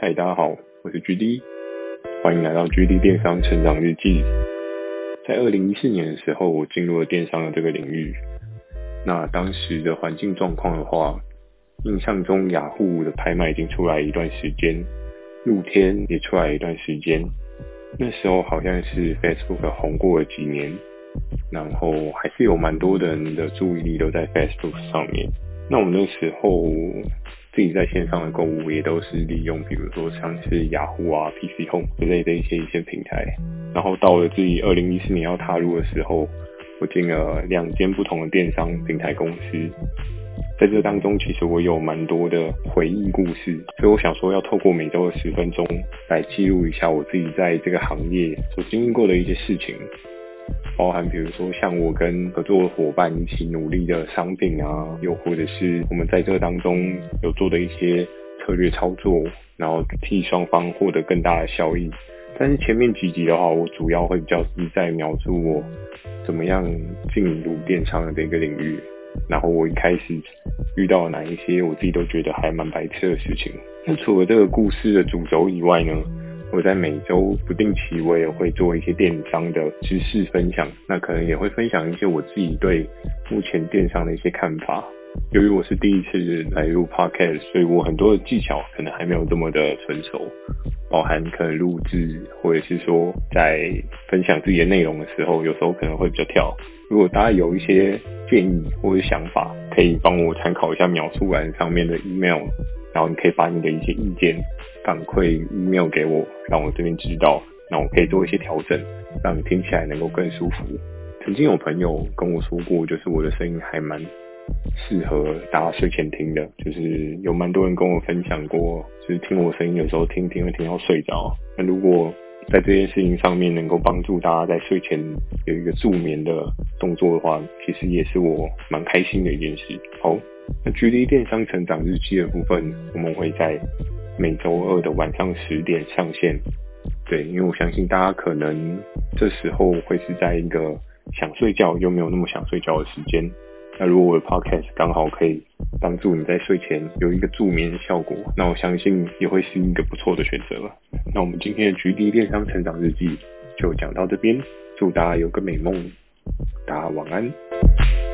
嗨，大家好，我是 GD，歡迎來到 GD 電商成長日記。在二零一四年的時候，我進入了電商的這個領域。那當時的環境狀況的話，印象中雅虎、ah、的拍賣已經出來一段時間，露天也出來一段時間。那時候好像是 Facebook 紅過了幾年，然後還是有蠻多人的注意力都在 Facebook 上面。那我們那時候，自己在線上的購物也都是利用，比如說像是雅虎啊、PC Home 之類的一些一些平台。然後到了自己二零一四年要踏入的時候，我進了兩間不同的電商平台公司。在這當中，其實我有蠻多的回憶故事，所以我想說要透過每周的十分鐘來記錄一下我自己在這個行業所經歷過的一些事情。包含比如說像我跟合作夥伴一起努力的商品啊，又或者是我們在這當中有做的一些策略操作，然後替雙方獲得更大的效益。但是前面幾集的話，我主要會比較是在描述我怎麼樣進入電商的這個領域，然後我一開始遇到了哪一些我自己都覺得還蠻白痴的事情。那除了這個故事的主軸以外呢，我在每週不定期，我也會做一些電商的知識分享。那可能也會分享一些我自己對目前電商的一些看法。由於我是第一次來錄 podcast，所以我很多的技巧可能還沒有這麼的成熟，包含可能錄制或者是說在分享自己的內容的時候，有時候可能會比較跳。如果大家有一些建議或者想法，可以幫我參考一下描述欄上面的 email，然後你可以把你的一些意見。反饋 email 給我，讓我這邊知道，那我可以做一些調整，讓你聽起來能夠更舒服。曾經有朋友跟我說過，就是我的聲音還蠻適合大家睡前聽的，就是有蠻多人跟我分享過，就是聽我聲音有時候聽聽會聽到睡着。那如果在這件事情上面能夠幫助大家在睡前有一個助眠的動作的話，其實也是我蠻開心的一件事。好，那距離電商成長日記的部分，我們會在。每週二的晚上十點上線，對，因為我相信大家可能這時候會是在一個想睡覺又沒有那麼想睡覺的時間，那如果我的 podcast 剛好可以幫助你在睡前有一個助眠效果，那我相信也會是一個不錯的選擇了。那我們今天的 GD 電商成長日記就講到這邊，祝大家有個美夢，大家晚安。